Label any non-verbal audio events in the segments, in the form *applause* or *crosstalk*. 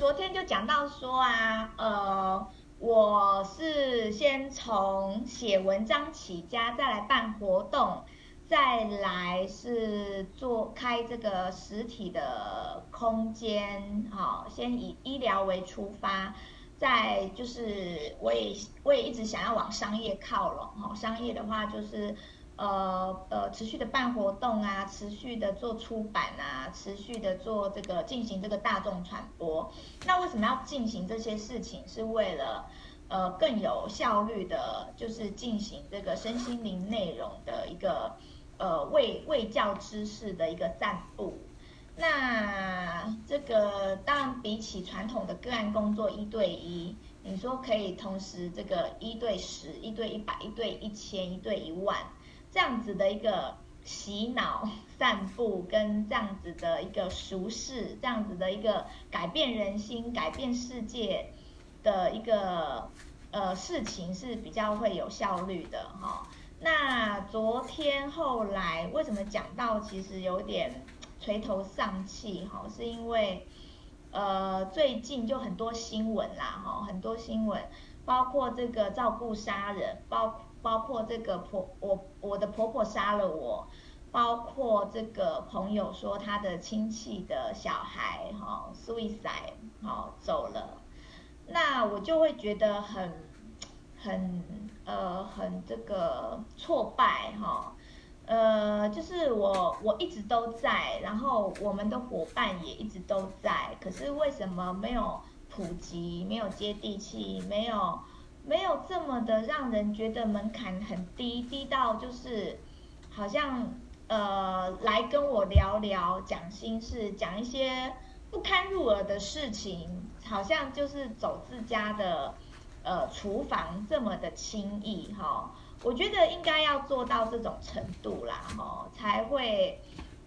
昨天就講到說啊，呃，我是先從寫文章起家，再來辦活動，再來是做開這個實體的空間，好，先以醫療為出發，再就是我也我也一直想要往商業靠攏，哈，商業的話就是。呃呃，持續的辦活動啊，持續的做出版啊，持續的做這個進行這個大眾傳播。那為什麼要進行這些事情？是為了，呃，更有效率的，就是進行這個身心靈內容的一個呃衛、衛教知識的一個散布。那這個當然比起傳統的個案工作一對一，你說可以同時這個一對十、一對一百、一對一千、一對一萬。這樣子的一個洗腦散步，跟這樣子的一個熟視，這樣子的一個改變人心、改變世界的一個呃事情是比較會有效率的哈、哦。那昨天後來為什麼講到其實有點垂頭喪氣哈？是因為呃最近就很多新聞啦哈、哦，很多新聞包括這個照顧殺人，包括。包括這個婆，我我的婆婆殺了我，包括這個朋友說他的親戚的小孩吼、哦、suicide 好、哦、走了，那我就會覺得很，很呃很這個挫敗哈、哦，呃就是我我一直都在，然後我們的夥伴也一直都在，可是為什麼沒有普及，沒有接地氣，沒有？沒有這麼的讓人覺得門檻很低，低到就是，好像呃來跟我聊聊，講心事，講一些不堪入耳的事情，好像就是走自家的呃廚房這麼的輕易哈、哦，我覺得應該要做到這種程度啦哈、哦，才會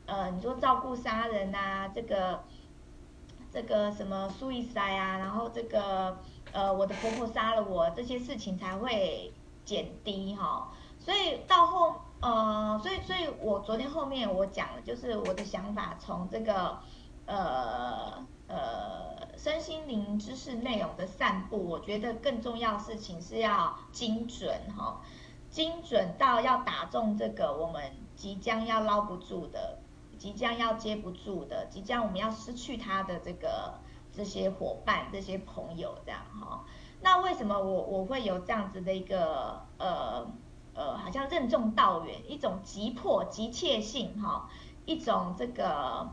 呃你說照顧家人啊，這個這個什麼 suicide 啊，然後這個。呃，我的婆婆殺了我，這些事情才會減低哈、哦。所以到後，呃，所以所以，我昨天後面我講了，就是我的想法，從這個，呃呃，身心靈知識內容的散布，我覺得更重要的事情是要精準哈、哦，精準到要打中這個我們即將要撈不住的，即將要接不住的，即將我們要失去它的這個。這些夥伴、這些朋友，這樣哈，那為什麼我我會有這樣子的一個呃呃，好像任重道遠、一種急迫、急切性哈，一種這個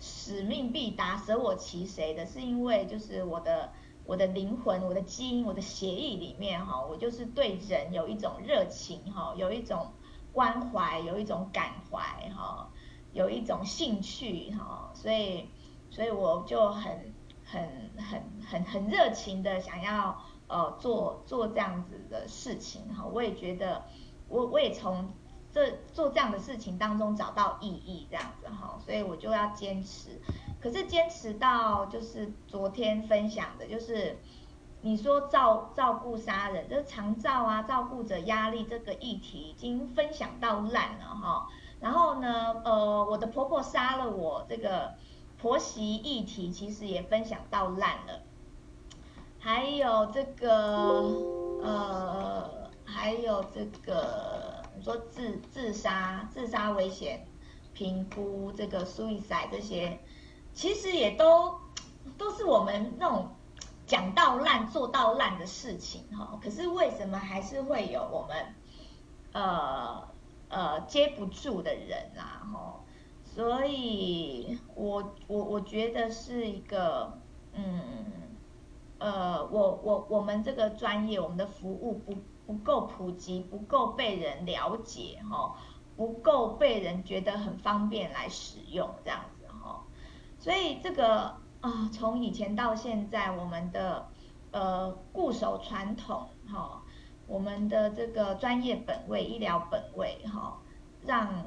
使命必達、捨我其誰的，是因為就是我的我的靈魂、我的基因、我的血液裡面哈，我就是對人有一種熱情哈，有一種關懷，有一種感懷哈，有一種興趣哈，所以所以我就很。很很很很熱情的想要呃做做這樣子的事情哈，我也覺得我我也從這做這樣的事情當中找到意義這樣子哈，所以我就要堅持。可是堅持到就是昨天分享的，就是你說照照顧殺人就是長照啊，照顧者壓力這個議題已經分享到爛了哈。然後呢呃我的婆婆殺了我這個。婆媳議題其實也分享到爛了，還有這個呃，還有這個你說自殺自殺自殺危險評估這個 suicide 這些，其實也都都是我們那種講到爛做到爛的事情哈，可是為什麼還是會有我們呃呃接不住的人啊，吼？所以，我我我覺得是一個，嗯，呃，我我我們這個專業，我們的服務不不夠普及，不夠被人了解，哈、哦，不夠被人覺得很方便來使用這樣子，哈、哦，所以這個啊、哦，從以前到現在，我們的呃固守傳統，哈、哦，我們的這個專業本位、醫療本位，哈、哦，讓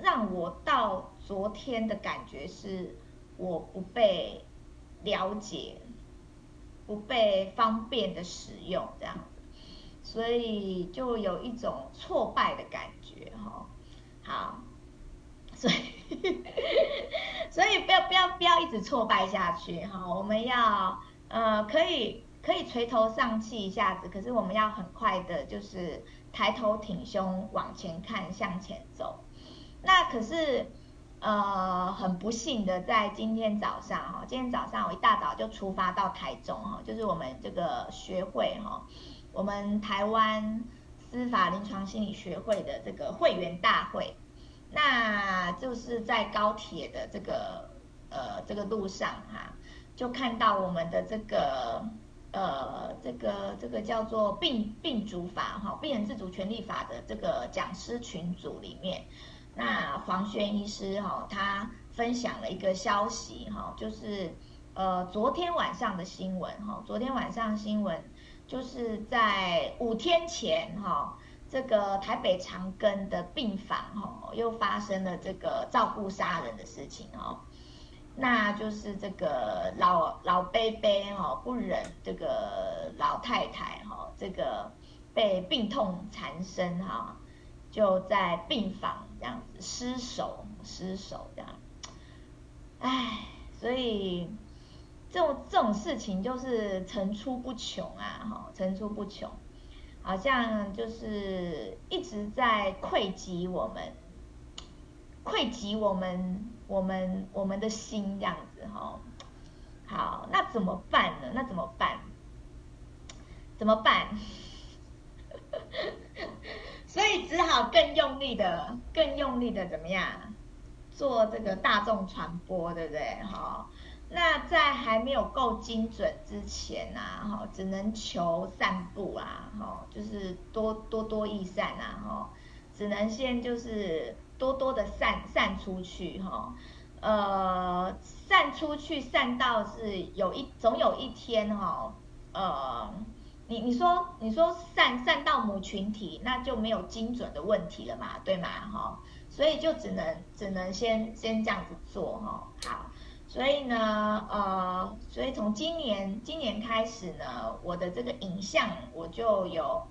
讓我到。昨天的感覺是我不被了解，不被方便的使用，這樣子，所以就有一種挫敗的感覺哈。好，所以 *laughs* 所以不要不要不要一直挫敗下去哈。我們要呃可以可以垂頭喪氣一下子，可是我們要很快的，就是抬頭挺胸往前看，向前走。那可是。呃，很不幸的，在今天早上哈，今天早上我一大早就出發到台中哈，就是我們這個學會哈，我們台灣司法臨床心理學會的這個會員大會，那就是在高鐵的這個呃這個路上哈，就看到我們的這個呃這個這個叫做病《病病主法》哈，《病人自主權利法》的這個講師群組裡面。那黃軒醫師哈、哦，他分享了一個消息哈、哦，就是呃昨天晚上的新聞哈、哦，昨天晚上的新聞就是在五天前哈、哦，這個台北長庚的病房哈、哦，又發生了這個照顧殺人的事情哈、哦，那就是這個老老伯伯哈、哦，不忍這個老太太哈、哦，這個被病痛纏身哈。就在病房這樣子失手失手這樣，唉，所以這種這種事情就是層出不窮啊，哈，層出不窮，好像就是一直在愧及我們，愧及我們我們我們的心這樣子哈。好，那怎麼辦呢？那怎麼辦？怎麼辦？ *laughs* 所以只好更用力的、更用力的怎麼樣做這個大眾傳播，對不對？哈、哦，那在還沒有夠精準之前啊，哈、哦，只能求散布啊，哈、哦，就是多多多益善啊，哈、哦，只能先就是多多的散散出去，哈、哦，呃，散出去，散到是有一總有一天哈、哦，呃。你你說你說散散到母群體，那就沒有精準的問題了嘛，對嗎？哈、哦，所以就只能只能先先這樣子做哈、哦。好，所以呢，呃，所以從今年今年開始呢，我的這個影像，我就有，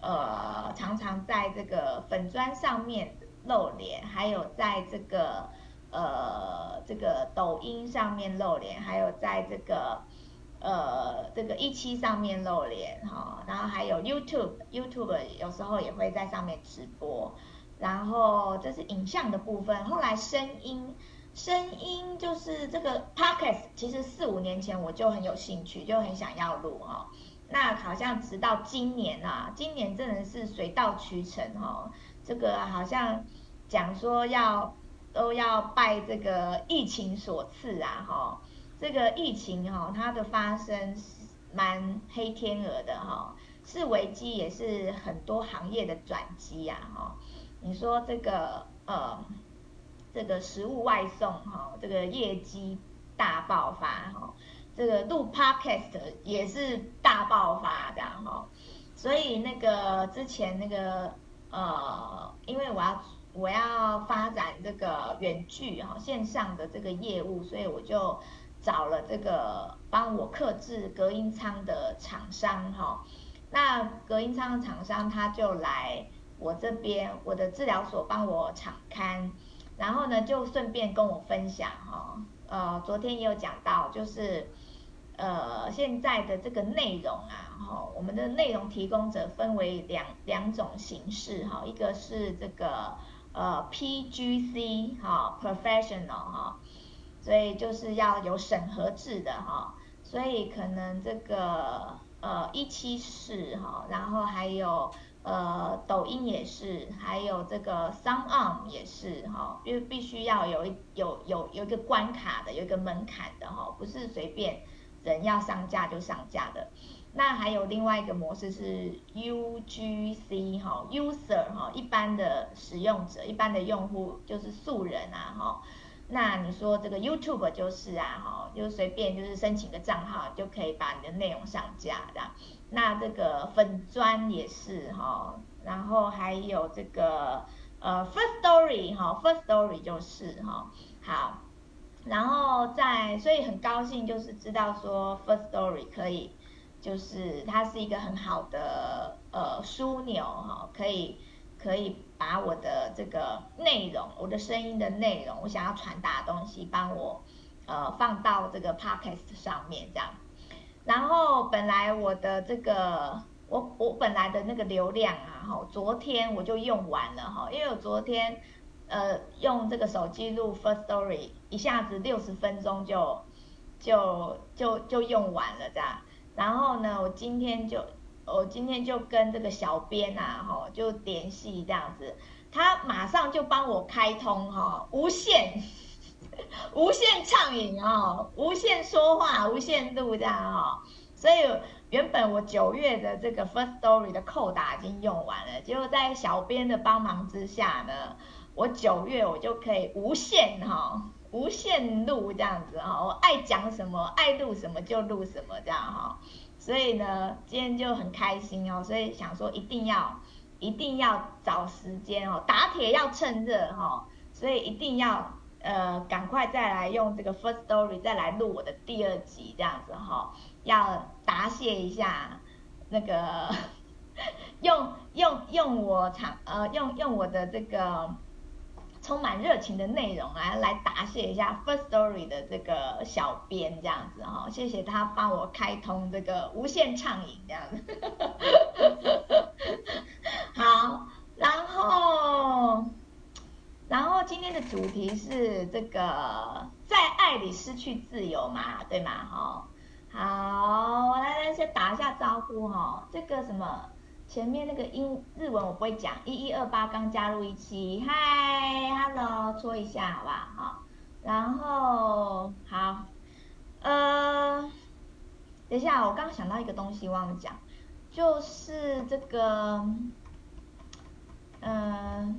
呃，常常在這個粉專上面露臉，還有在這個呃這個抖音上面露臉，還有在這個。呃，這個一期上面露臉哈、哦，然後還有 YouTube，YouTube 有時候也會在上面直播，然後這是影像的部分。後來聲音，聲音就是這個 Podcast，其實四五年前我就很有興趣，就很想要錄哈、哦。那好像直到今年吶、啊，今年真的是水到渠成哈、哦。這個好像講說要都要拜這個疫情所賜啊哈。哦這個疫情哈、哦，它的發生是蠻黑天鵝的哈、哦，是危機，也是很多行業的轉機呀、啊、哈、哦。你說這個呃，這個食物外送哈、哦，這個業績大爆發哈、哦，這個錄 podcast 也是大爆發這樣哈、哦。所以那個之前那個呃，因為我要我要發展這個遠距哈、哦、線上的這個業務，所以我就。找了這個幫我客製隔音艙的廠商哈，那隔音艙的廠商他就來我這邊我的治療所幫我敞開，然後呢，就順便跟我分享哈，呃昨天也有講到就是，呃現在的這個內容啊哈，我們的內容提供者分為兩兩種形式哈，一個是這個呃 PGC 哈，professional 哈。所以就是要有審核制的哈，所以可能這個呃一七四哈，然後還有呃抖音也是，還有這個 SoundOn 也是哈，因為必須要有一有有有一個關卡的，有一個門檻的哈，不是隨便人要上架就上架的。那還有另外一個模式是 UGC 哈，user 哈，一般的使用者，一般的用戶就是素人啊哈。那你說這個 YouTube 就是啊，哈，就隨便就是申請個賬號就可以把你的內容上架的。那這個粉專也是哈，然後還有這個呃 Firstory 哈，Firstory 就是哈，好，然後在所以很高興就是知道說 Firstory 可以，就是它是一個很好的呃樞紐哈，可以。可以把我的這個內容，我的聲音的內容，我想要傳達的東西，幫我，呃，放到這個 podcast 上面這樣。然後本來我的這個，我我本來的那個流量啊，哈，昨天我就用完了哈，因為我昨天，呃，用這個手機錄 Firstory，一下子六十分鐘就就就就用完了這樣。然後呢，我今天就。我今天就跟這個小編啊，吼、哦、就聯繫這樣子，他馬上就幫我開通哈、哦，無限， *laughs* 無限暢飲哦，無限說話，無限錄這樣哈、哦。所以原本我九月的這個 Firstory 的扣打已經用完了，結果在小編的幫忙之下呢，我九月我就可以無限哈、哦，無限錄這樣子哈、哦，我愛講什麼，愛錄什麼就錄什麼這樣哈。哦。所以呢，今天就很開心哦，所以想說一定要，一定要找時間哦，打鐵要趁熱哈，所以一定要呃趕快再來用這個 Firstory 再來錄我的第二集這樣子哈，要答謝一下那個用用用我長呃用用我的這個。充滿熱情的內容來來答謝一下 Firstory 的這個小編，這樣子哈、哦，謝謝他幫我開通這個無限暢飲這樣子。 *laughs* 好，然後，然後今天的主題是這個在愛裡失去自由嘛，對嗎？哈，好，來來先打一下招呼哈、哦，這個什麼？前面那個英日文我不會講，一一二八剛加入一期，嗨哈嘍，l 戳一下好不好？好，然後好，呃，等一下，我剛想到一個東西忘了講，就是這個，嗯、呃，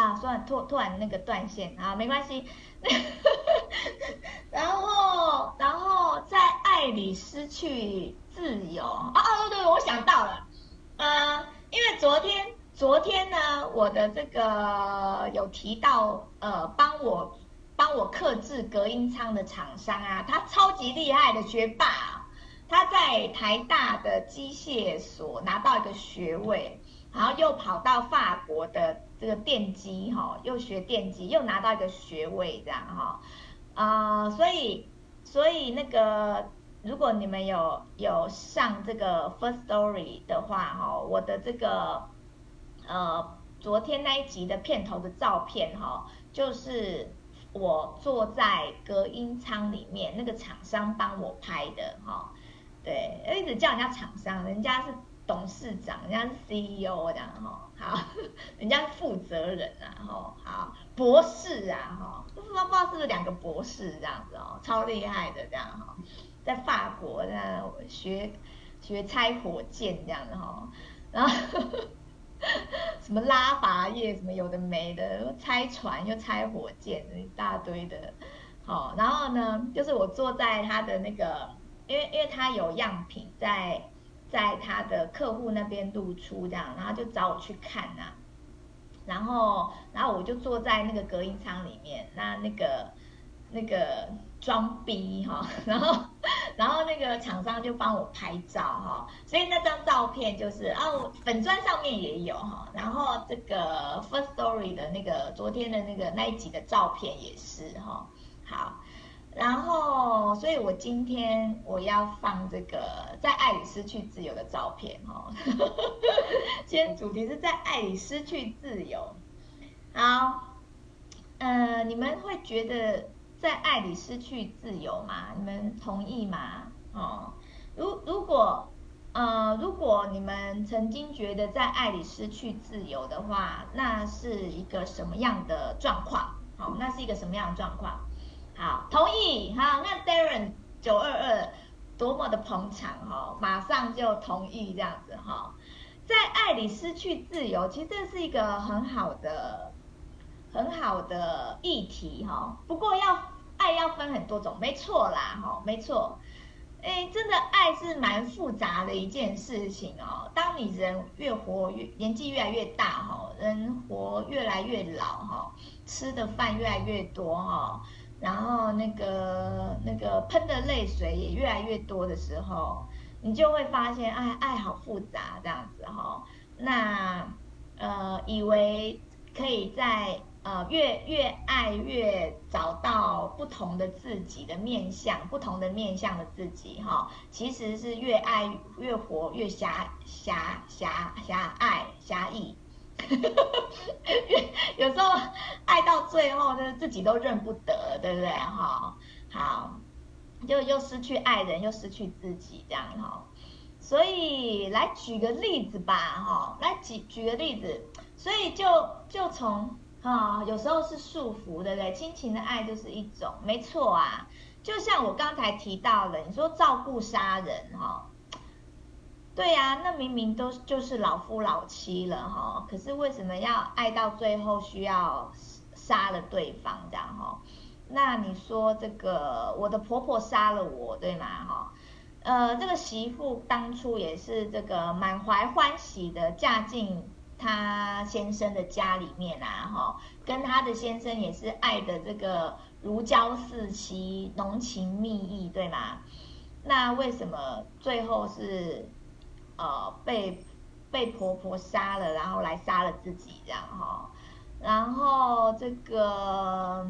啊，算了，突突然那個斷線啊，沒關係， *laughs* *laughs* 然後然後在愛裡失去自由啊，哦對，我想到了。呃，因為昨天，昨天呢，我的這個有提到，呃，幫我幫我客製隔音艙的廠商啊，他超級厲害的學霸，他在台大的機械所拿到一個學位，然後又跑到法國的這個電機哈，又學電機，又拿到一個學位這樣哈，呃，所以所以那個。如果你們有有上這個 Firstory 的話，哈，我的這個，呃，昨天那一集的片頭的照片，哈，就是我坐在隔音艙裡面，那個廠商幫我拍的，哈，對，一直叫人家廠商，人家是董事長，人家是 CEO 這樣，哈，好，人家是負責人啊，哈，好，博士啊，哈，不知道不知道是不是兩個博士這樣子哦，超厲害的這樣哈。在法國那我學學拆火箭這樣的哈，然後，然後呵呵什麼拉法葉什麼有的沒的，拆船又拆火箭一大堆的，好，然後呢，就是我坐在他的那個，因為因為他有樣品在在他的客戶那邊露出這樣，然後就找我去看吶、啊，然後然後我就坐在那個隔音艙裡面，那那個那個。裝逼哈、哦，然後，然後那個廠商就幫我拍照哈、哦，所以那張照片就是啊、哦，粉專上面也有哈、哦，然後這個 Firstory 的那個昨天的那個那一集的照片也是哈、哦，好，然後所以我今天我要放這個在愛裡失去自由的照片哈、哦，今天主題是在愛裡失去自由，好，呃，你們會覺得？在愛裡失去自由嘛？你們同意嗎？哦，如如果，呃，如果你們曾經覺得在愛裡失去自由的話，那是一個什麼樣的狀況？好、哦，那是一個什麼樣的狀況？好，同意哈。那 Darren 九二二多麼的捧場哈，馬上就同意這樣子哈、哦。在愛裡失去自由，其實這是一個很好的、很好的議題哈、哦。不過要。愛要分很多種，沒錯啦，哈，沒錯，哎，真的愛是蠻複雜的一件事情哦。當你人越活越年紀越來越大，人活越來越老，吃的飯越來越多，然後那個那個噴的淚水也越來越多的時候，你就會發現，哎，愛好複雜，這樣子。那呃，以為可以在。呃，越越愛越找到不同的自己的面向，不同的面向的自己哈，其實是越愛越活越狹狹狹狹隘狹義，有時候愛到最後就是自己都認不得，對不對哈？好，就又失去愛人，又失去自己這樣哈，所以來舉個例子吧哈，來舉舉個例子，所以就就從。啊、哦，有時候是束縛的，對不對？親情的愛就是一種，沒錯啊。就像我剛才提到的，你說照顧殺人，哈、哦，對呀、啊，那明明都就是老夫老妻了，哈、哦，可是為什麼要愛到最後需要殺了對方這樣？哈、哦，那你說這個我的婆婆殺了我，對嗎？哈、哦，呃，這個媳婦當初也是這個滿懷歡喜的嫁進。她先生的家裡面啊，哈，跟她的先生也是愛的這個如膠似漆，濃情蜜意，對嗎？那為什麼最後是，呃，被被婆婆殺了，然後來殺了自己，這樣哈？然後這個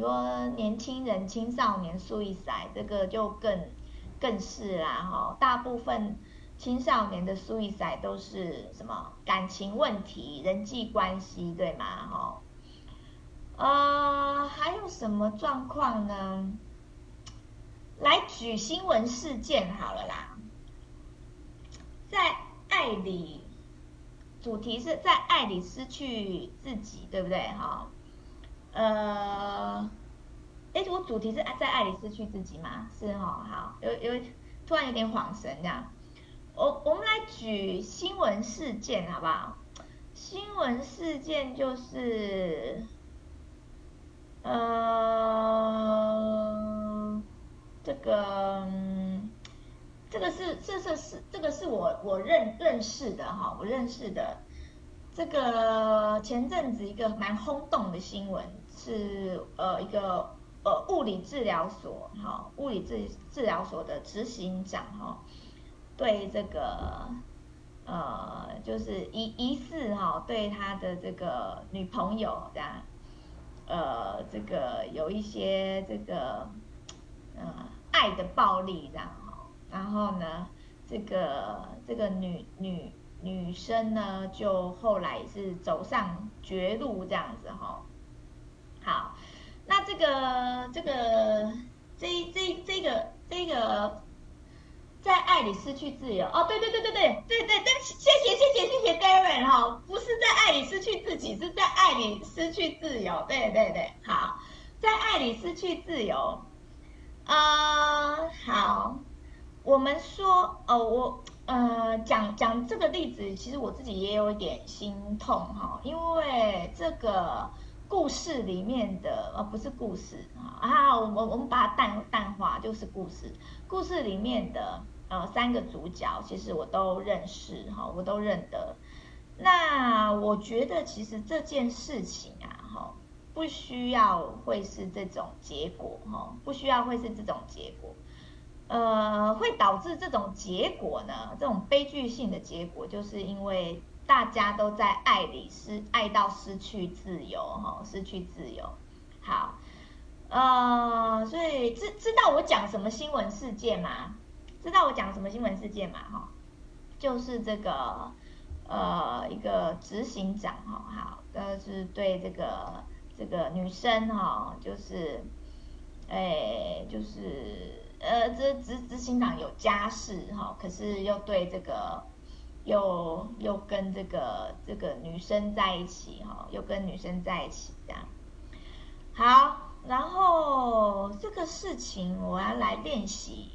說年輕人、青少年素一塞，這個就更更是啦，哈，大部分。青少年的自殺都是什麼感情問題、人際關係，對嗎？哈、哦，呃，還有什麼狀況呢？來舉新聞事件好了啦，在愛裡，主題是在愛裡失去自己，對不對？哈、哦，呃，哎，我主題是在愛裡失去自己嗎？是哦，好，有有突然有點恍神，這樣。我我們來舉新聞事件好不好？新聞事件就是，呃，這個、嗯、這個是這是是，是這個是我我認認識的哈、哦，我認識的這個前陣子一個蠻轟動的新聞是，呃，一個呃物理治療所哈、哦，物理治治療所的執行長哈、哦。對這個，呃，就是疑疑似哈、哦，對他的這個女朋友，這樣，呃，這個有一些這個，呃，愛的暴力，這樣哈。然後呢，這個這個女女女生呢，就後來是走上絕路這樣子哈、哦。好，那這個這個這這這個這個。這這這這在愛裡失去自由哦，對對對對對對對對，謝謝謝謝謝謝 David 哈、哦，不是在愛裡失去自己，是在愛裡失去自由，對對對，好，在愛裡失去自由，啊、呃、好，我們說哦、呃、我嗯、呃、講講這個例子，其實我自己也有點心痛哈、哦，因為這個。故事裡面的呃、哦、不是故事啊，我我我們把它淡淡化，就是故事。故事裡面的呃三個主角其實我都認識哈、哦，我都認得。那我覺得其實這件事情啊哈、哦，不需要會是這種結果哈、哦，不需要會是這種結果。呃，會導致這種結果呢，這種悲劇性的結果，就是因為。大家都在愛裡失愛到失去自由，哈、哦，失去自由。好，呃，所以知知道我講什麼新聞事件嗎？知道我講什麼新聞事件嗎？哈、哦，就是這個，呃，一個執行長，哈、哦，好，但、就是對這個這個女生，哈、哦，就是，哎、欸，就是，呃，這執執行長有家室，哈、哦，可是又對這個。又又跟這個這個女生在一起哈，又跟女生在一起這樣。好，然後這個事情我要來練習，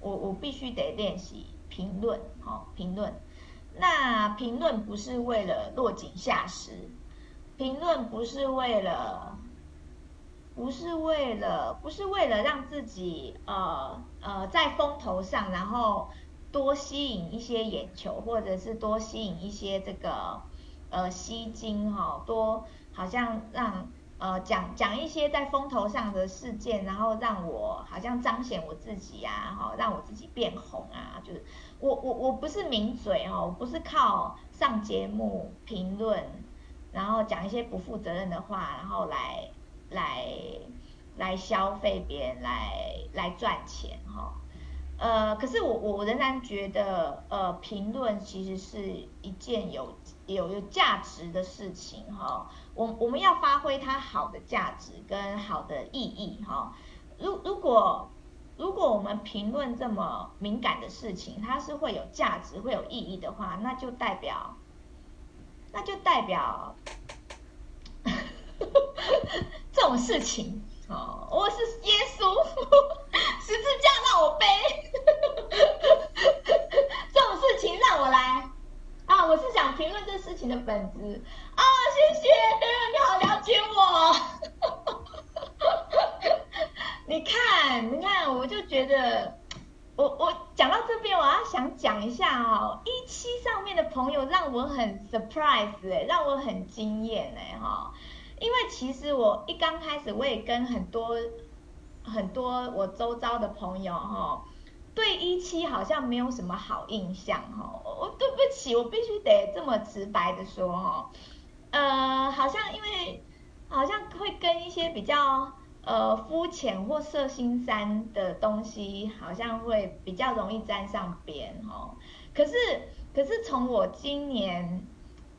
我我必須得練習評論，好，評論。那評論不是為了落井下石，評論不是為了，不是為了不是為了讓自己呃呃在風頭上，然後。多吸引一些眼球，或者是多吸引一些這個，呃，吸睛哈，多好像讓呃講講一些在風頭上的事件，然後讓我好像彰顯我自己啊，哈，讓我自己變紅啊，就是我我我不是名嘴哈，我不是靠上節目評論，然後講一些不負責任的話，然後來來來消費別人，來來賺錢哈。呃，可是我我仍然覺得，呃，評論其實是一件有有有價值的事情哈，哦。我我們要發揮它好的價值跟好的意義哈，哦。如如果如果我們評論這麼敏感的事情，它是會有價值會有意義的話，那就代表，那就代表， *laughs* 這種事情。哦，我是耶穌，十字架讓我背， *laughs* 這種事情讓我來。啊，我是想評論這事情的本質啊、哦，謝謝，你好了解我。 *laughs* 你看，你看，我就覺得，我我講到這邊，我要想講一下哦。一期上面的朋友讓我很 surprise 哎、欸，讓我很驚艷哎哈。哦因為其實我一剛開始，我也跟很多很多我周遭的朋友哈、哦，對一期好像沒有什麼好印象哈、哦。我對不起，我必須得這麼直白的說哈、哦。呃，好像因為好像會跟一些比較呃膚淺或色心山的東西，好像會比較容易沾上邊哈、哦。可是可是從我今年。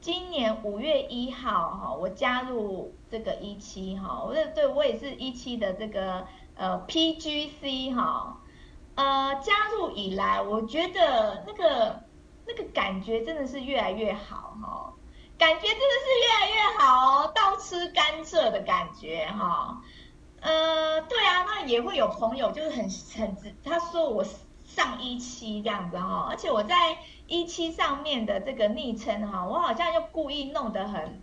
今年五月一號哈，我加入這個一期哈，我對對我也是一期的這個呃 PGC 哈，呃, C, 呃加入以來，我覺得那個那個感覺真的是越來越好哈，感覺真的是越來越好哦，倒吃甘蔗的感覺哈，呃對啊，那也會有朋友就是很很他說我上一期這樣子哈，而且我在。一七上面的這個昵稱哈，我好像又故意弄得很，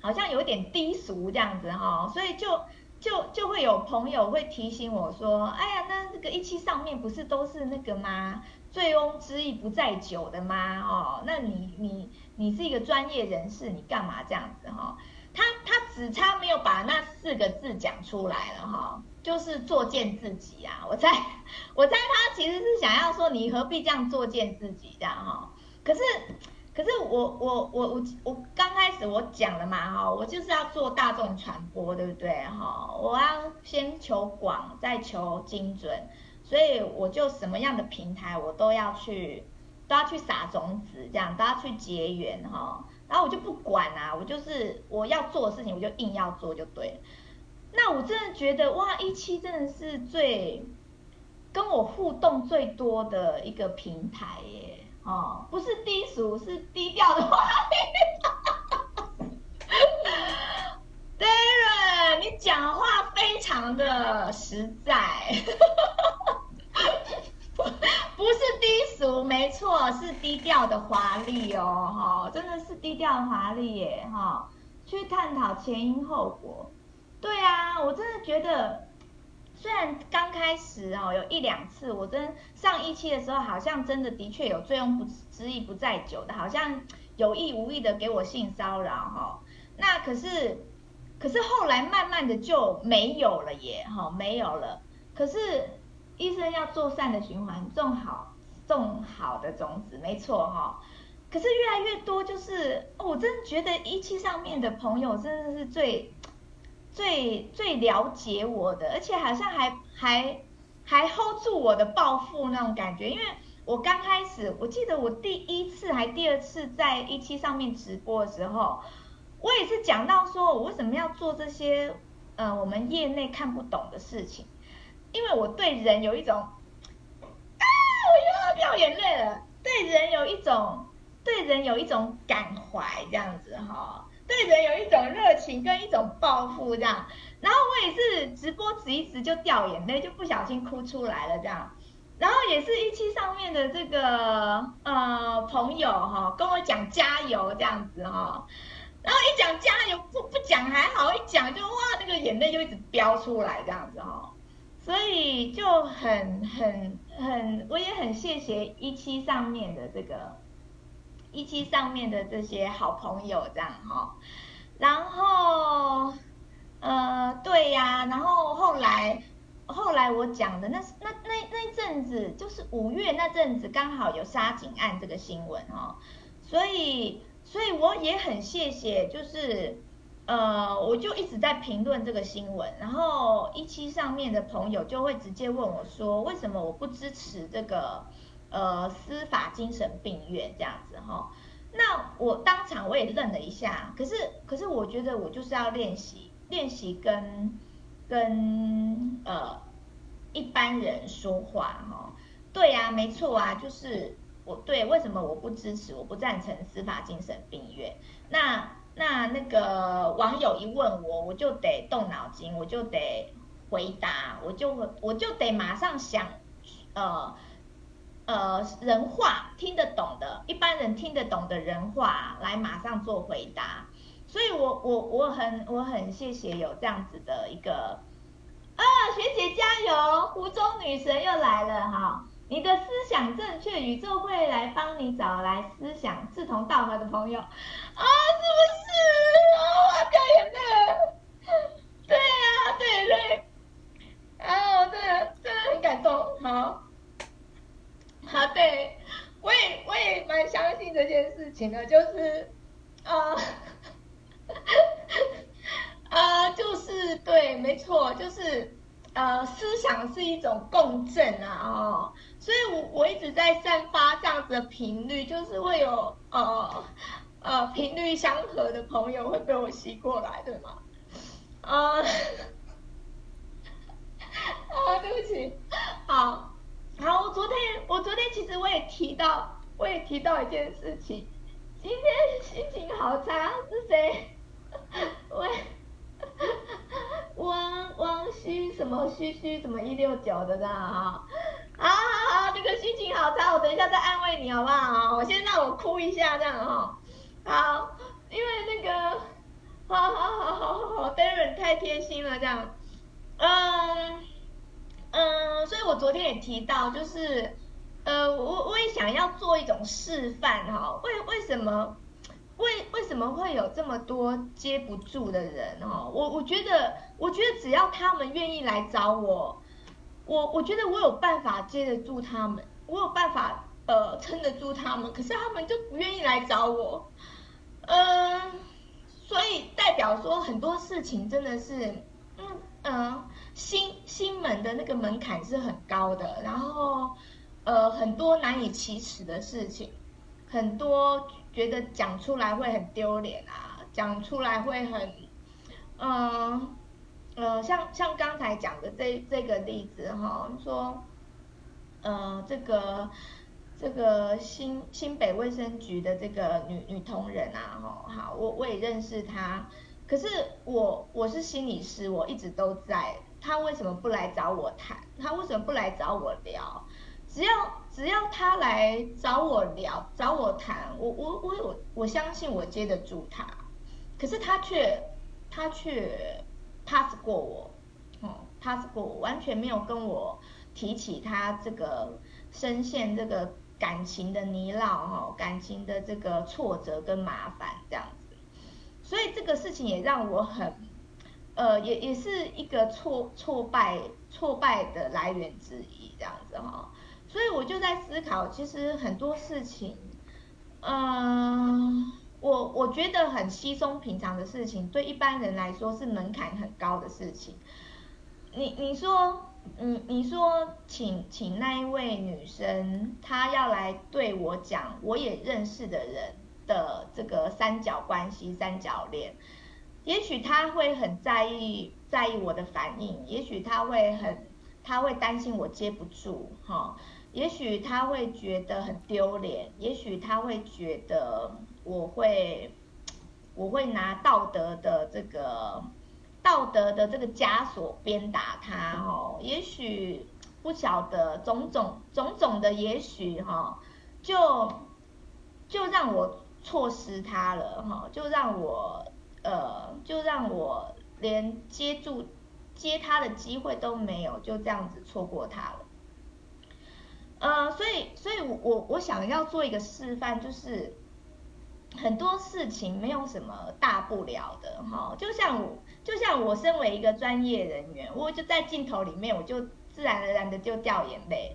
好像有點低俗這樣子哈，所以就就就會有朋友會提醒我說，哎呀，那這個一七上面不是都是那個嗎？醉翁之意不在酒的嗎？哦，那你你你是一個專業人士，你幹嘛這樣子哈？他他只差沒有把那四個字講出來了哈。就是作賤自己啊！我猜，我猜他其實是想要說，你何必這樣作賤自己，這樣哈、哦？可是，可是我我我我我剛開始我講了嘛哈，我就是要做大眾傳播，對不對哈？我要先求廣，再求精準，所以我就什麼樣的平台我都要去，都要去撒種子，這樣都要去結緣哈。然後我就不管啊，我就是我要做的事情，我就硬要做就對。那我真的覺得哇，一、e、期真的是最跟我互動最多的一個平台耶！哦，不是低俗，是低調的華麗、哦。 *laughs* Daren，你講話非常的實在， *laughs* 不是低俗，沒錯，是低調的華麗哦！哈、哦，真的是低調的華麗耶！哈、哦，去探討前因後果。對啊，我真的覺得，雖然剛開始哦，有一兩次，我真上一期的時候，好像真的的確有醉翁不之意不在酒的，好像有意無意的給我性騷擾哈、哦。那可是，可是後來慢慢的就沒有了耶，哈、哦，沒有了。可是，醫生要做善的循環，種好種好的種子，沒錯哈、哦。可是越來越多，就是，哦，我真的覺得一期上面的朋友真的是最。最最了解我的，而且好像還還還 hold 住我的暴富那種感覺，因為我剛開始，我記得我第一次還第二次在一期上面直播的時候，我也是講到說我為什麼要做這些，呃，我們業內看不懂的事情，因為我對人有一種，啊，我又要掉眼淚了，對人有一種對人有一種感懷這樣子哈。哦對人有一種熱情跟一種抱負這樣，然後我也是直播直一直就掉眼淚，就不小心哭出來了這樣，然後也是一期上面的這個呃朋友哈，跟我講加油這樣子哈，然後一講加油不不講還好，一講就哇那個眼淚就一直飆出來這樣子哈，所以就很很很，我也很謝謝一期上面的這個。一期上面的這些好朋友，這樣哈、哦，然後，呃，對呀、啊，然後後來，後來我講的那那那那一陣子，就是五月那陣子，剛好有殺警案這個新聞哈、哦，所以所以我也很謝謝，就是呃，我就一直在評論這個新聞，然後一期上面的朋友就會直接問我說，為什麼我不支持這個？呃，司法精神病院這樣子哈、哦，那我當場我也愣了一下，可是可是我覺得我就是要練習練習跟跟呃一般人說話哈、哦，對呀、啊，沒錯啊，就是我對為什麼我不支持我不贊成司法精神病院，那那那個網友一問我，我就得動腦筋，我就得回答，我就我就得馬上想，呃。呃，人話聽得懂的，一般人聽得懂的人話，來馬上做回答。所以我，我我我很我很謝謝有這樣子的一個，啊，學姐加油，湖中女神又來了哈，你的思想正確，宇宙會來幫你找來思想志同道合的朋友啊，是不是？啊、我要掉眼淚，對啊對對，啊，我啊，真的、啊啊啊、很感動，好。啊，對，我也我也蠻相信這件事情的，就是，啊、呃，啊、 *laughs* 呃，就是對，沒錯，就是，呃，思想是一種共振啊、哦，所以我我一直在散發這樣子的頻率，就是會有呃呃頻率相合的朋友會被我吸過來，對嗎？啊、呃， *laughs* 啊，對不起，好。好，我昨天我昨天其實我也提到，我也提到一件事情，今天心情好差，是誰？ *laughs* 喂，王王虛什麼虛虛什麼一六九的這樣哈，好好，好，好，這、那個心情好差，我等一下再安慰你，好不好？我先讓我哭一下這樣哈，好，因為那個，好好好好好好，Darren 太貼心了這樣，嗯。嗯，所以我昨天也提到，就是，呃，我我也想要做一種示範哈。為為什麼？為為什麼會有這麼多接不住的人哈？我我覺得，我覺得只要他們願意來找我，我我覺得我有辦法接得住他們，我有辦法呃撐得住他們。可是他們就不願意來找我，嗯，所以代表說很多事情真的是，嗯嗯。心心門的那個門檻是很高的，然後，呃，很多難以啟齒的事情，很多覺得講出來會很丟臉啊，講出來會很，嗯、呃，呃，像像剛才講的這這個例子哈、哦，說，呃，這個這個新新北衛生局的這個女女同仁啊、哦，哈，好，我我也認識她，可是我我是心理師，我一直都在。他為什麼不來找我談？他為什麼不來找我聊？只要只要他來找我聊、找我談，我我我有，我相信我接得住他。可是他却他却 pass 過我，哦、嗯，pass 過我，完全沒有跟我提起他這個深陷這個感情的泥淖哈，感情的這個挫折跟麻煩這樣子。所以這個事情也讓我很。呃，也也是一個挫挫敗挫敗的來源之一，這樣子哈、哦，所以我就在思考，其實很多事情，嗯、呃，我我覺得很稀鬆平常的事情，對一般人來說是門檻很高的事情。你你說，你你說請，請請那一位女生，她要來對我講，我也認識的人的這個三角關係、三角戀。也許他會很在意在意我的反應，也許他會很他會擔心我接不住哈，也許他會覺得很丟臉，也許他會覺得我會我會拿道德的這個道德的這個枷鎖鞭打他哦，也許不曉得種種種種的也許哈，就就讓我錯失他了哈，就讓我。呃，就讓我連接住接他的機會都沒有，就這樣子錯過他了。呃，所以，所以我，我我想要做一個示範，就是很多事情沒有什麼大不了的哈。就像我就像我身為一個專業人員，我就在鏡頭裡面，我就自然而然的就掉眼淚，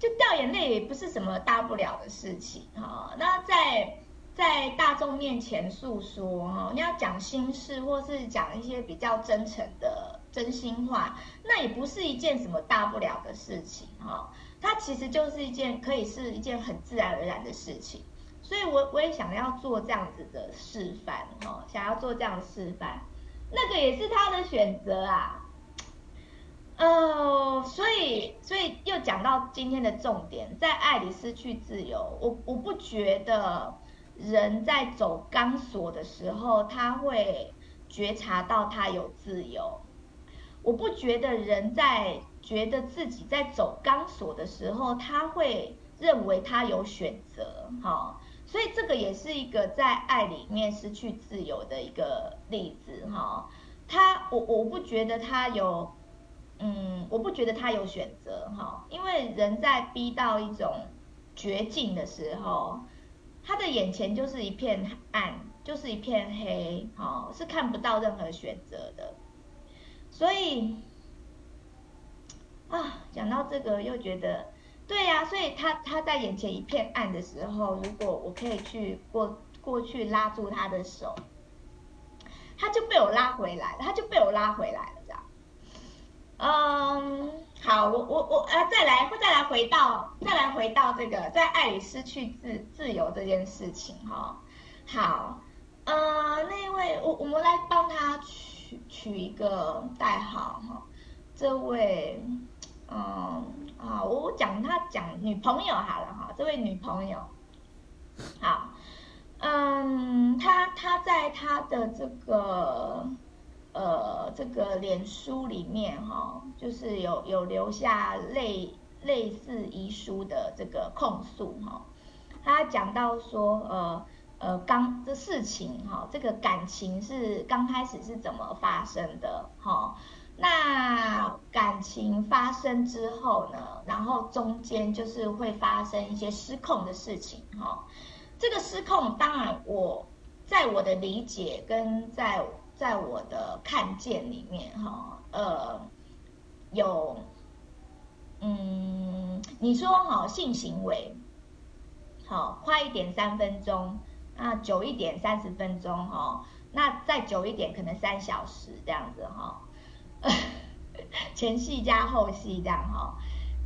就掉眼淚也不是什麼大不了的事情哈。那在。在大眾面前訴說哈，你要講心事或是講一些比較真誠的真心話，那也不是一件什麼大不了的事情哈。它其實就是一件可以是一件很自然而然的事情。所以我，我我也想要做這樣子的示範哈，想要做這樣的示範，那個也是他的選擇啊。哦、呃、所以，所以又講到今天的重點，在愛裡失去自由，我我不覺得。人在走鋼索的時候，他會覺察到他有自由。我不覺得人在覺得自己在走鋼索的時候，他會認為他有選擇哈。所以這個也是一個在愛裡面失去自由的一個例子哈。他，我我不覺得他有，嗯，我不覺得他有選擇哈。因為人在逼到一種絕境的時候。他的眼前就是一片暗，就是一片黑，哦，是看不到任何選擇的。所以，啊，講到這個又覺得，對呀，啊，所以他他在眼前一片暗的時候，如果我可以去過過去拉住他的手，他就被我拉回來，他就被我拉回來了，這樣，嗯，um。好，我我我，啊，再來，會再來回到，再來回到這個在愛裡失去自自由這件事情哈、哦。好，呃、嗯，那位，我我們來幫他取取一個代號哈、哦。這位，嗯啊，我講他講女朋友好了哈、哦。這位女朋友，好，嗯，他他在他的這個。呃，這個臉書裡面哈、哦，就是有有留下類類似遺書的這個控訴哈。他、哦、講到說，呃呃，剛這事情哈、哦，這個感情是剛開始是怎麼發生的哈、哦？那感情發生之後呢，然後中間就是會發生一些失控的事情哈、哦。這個失控，當然我在我的理解跟在。在我的看見裡面，哈，呃，有，嗯，你說哈性行為，好、哦、快一點三分鐘，那久一點三十分鐘，哈、哦，那再久一點可能三小時這樣子，哈、哦，前戲加後戲這樣，哈、哦，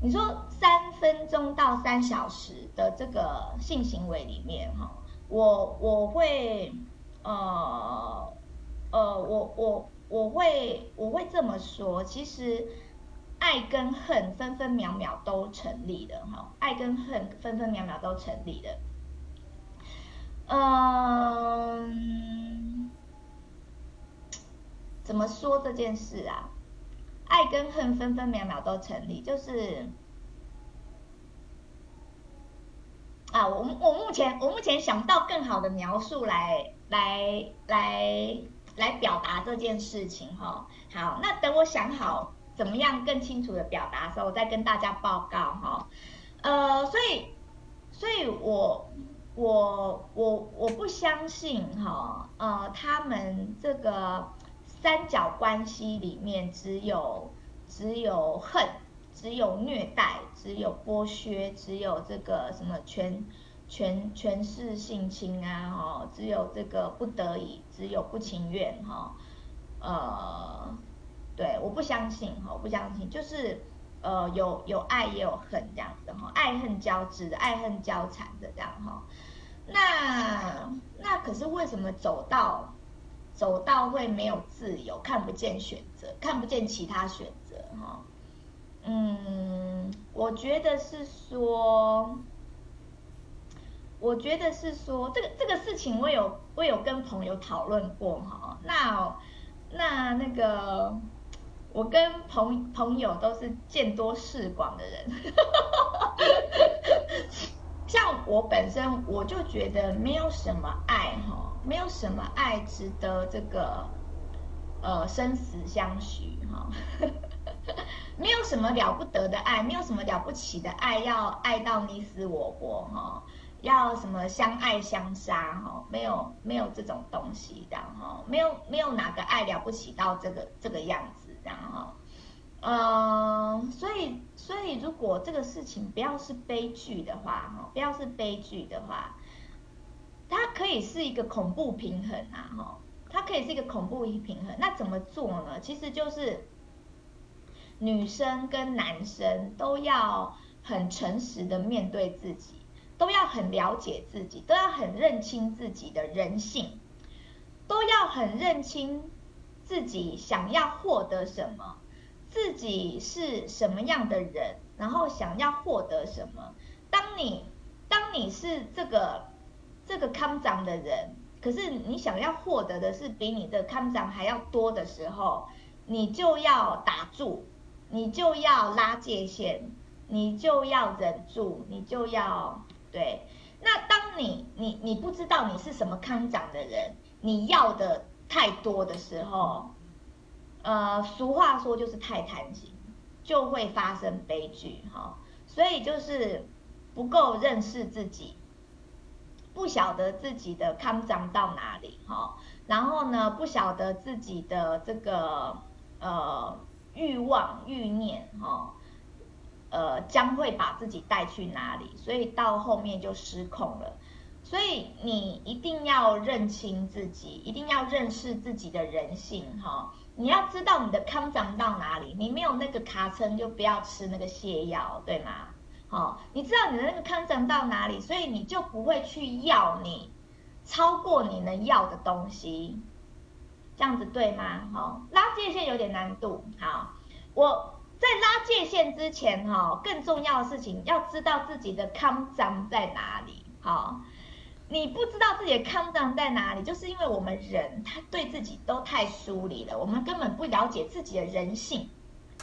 你說三分鐘到三小時的這個性行為裡面，哈、哦，我我會呃。呃，我我我會我會這麼說，其實愛跟恨分分秒秒都成立的，愛跟恨分分秒秒都成立的。嗯，怎麼說這件事啊？愛跟恨分分秒秒都成立，就是啊，我我目前我目前想不到更好的描述來來來。來來表達這件事情哈，好，那等我想好怎麼樣更清楚的表達的時候，我再跟大家報告哈。呃，所以，所以我，我，我，我不相信哈，呃，他們這個三角關係裡面只有，只有恨，只有虐待，只有剝削，只有這個什麼全。全全是性侵啊，吼，只有這個不得已，只有不情願，吼，呃，對，我不相信，我不相信，就是，呃，有有愛也有恨這樣子，吼，愛恨交織，愛恨交纏的這樣，哈，那那可是為什麼走到走到會沒有自由，看不見選擇，看不見其他選擇，哈，嗯，我覺得是說。我覺得是說這個這個事情，我有我有跟朋友討論過哈。那那那個，我跟朋朋友都是見多識廣的人， *laughs* 像我本身我就覺得沒有什麼愛哈，沒有什麼愛值得這個呃生死相許哈， *laughs* 沒有什麼了不得的愛，沒有什麼了不起的愛要愛到你死我活哈。要什麼相愛相殺哈？沒有沒有這種東西，然後沒有沒有哪個愛了不起到這個這個樣子，然後，嗯，所以所以如果這個事情，不要是悲劇的話，哈，不要是悲劇的話，它可以是一個恐怖平衡啊，哈，它可以是一個恐怖平衡。那怎麼做呢？其實就是女生跟男生都要很誠實的面對自己。都要很了解自己，都要很認清自己的人性，都要很認清自己想要獲得什麼，自己是什麼樣的人，然後想要獲得什麼。當你當你是這個這個康長的人，可是你想要獲得的是比你的康長還要多的時候，你就要打住，你就要拉界限，你就要忍住，你就要。對，那當你你你不知道你是什麼康長的人，你要的太多的時候，呃，俗話說就是太貪心，就會發生悲劇哈、哦。所以就是不夠認識自己，不曉得自己的康長到哪裡哈、哦，然後呢，不曉得自己的這個呃慾望慾念哈。哦呃，將會把自己帶去哪裡？所以到後面就失控了。所以你一定要認清自己，一定要認識自己的人性哈。你要知道你的康長到哪裡，你沒有那個卡撐就不要吃那個瀉藥，對嗎？好，你知道你的那個康長到哪裡，所以你就不會去要你超過你能要的東西，這樣子對嗎？哈，拉界線有點難度。好，我。在拉界線之前，哈，更重要的事情，要知道自己的康臟在哪裡。好，你不知道自己的康臟在哪裡，就是因為我們人他對自己都太疏離了，我們根本不了解自己的人性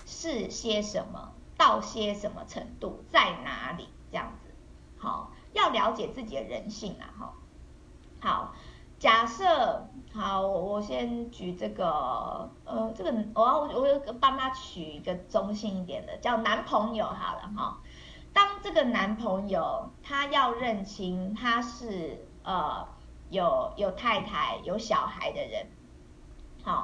是些什麼，到些什麼程度，在哪裡這樣子。好，要了解自己的人性啊，好。假設好，我先舉這個，呃，這個我要我要幫他取一個中性一點的，叫男朋友好了哈、哦。當這個男朋友他要認清他是呃有有太太有小孩的人，好、哦，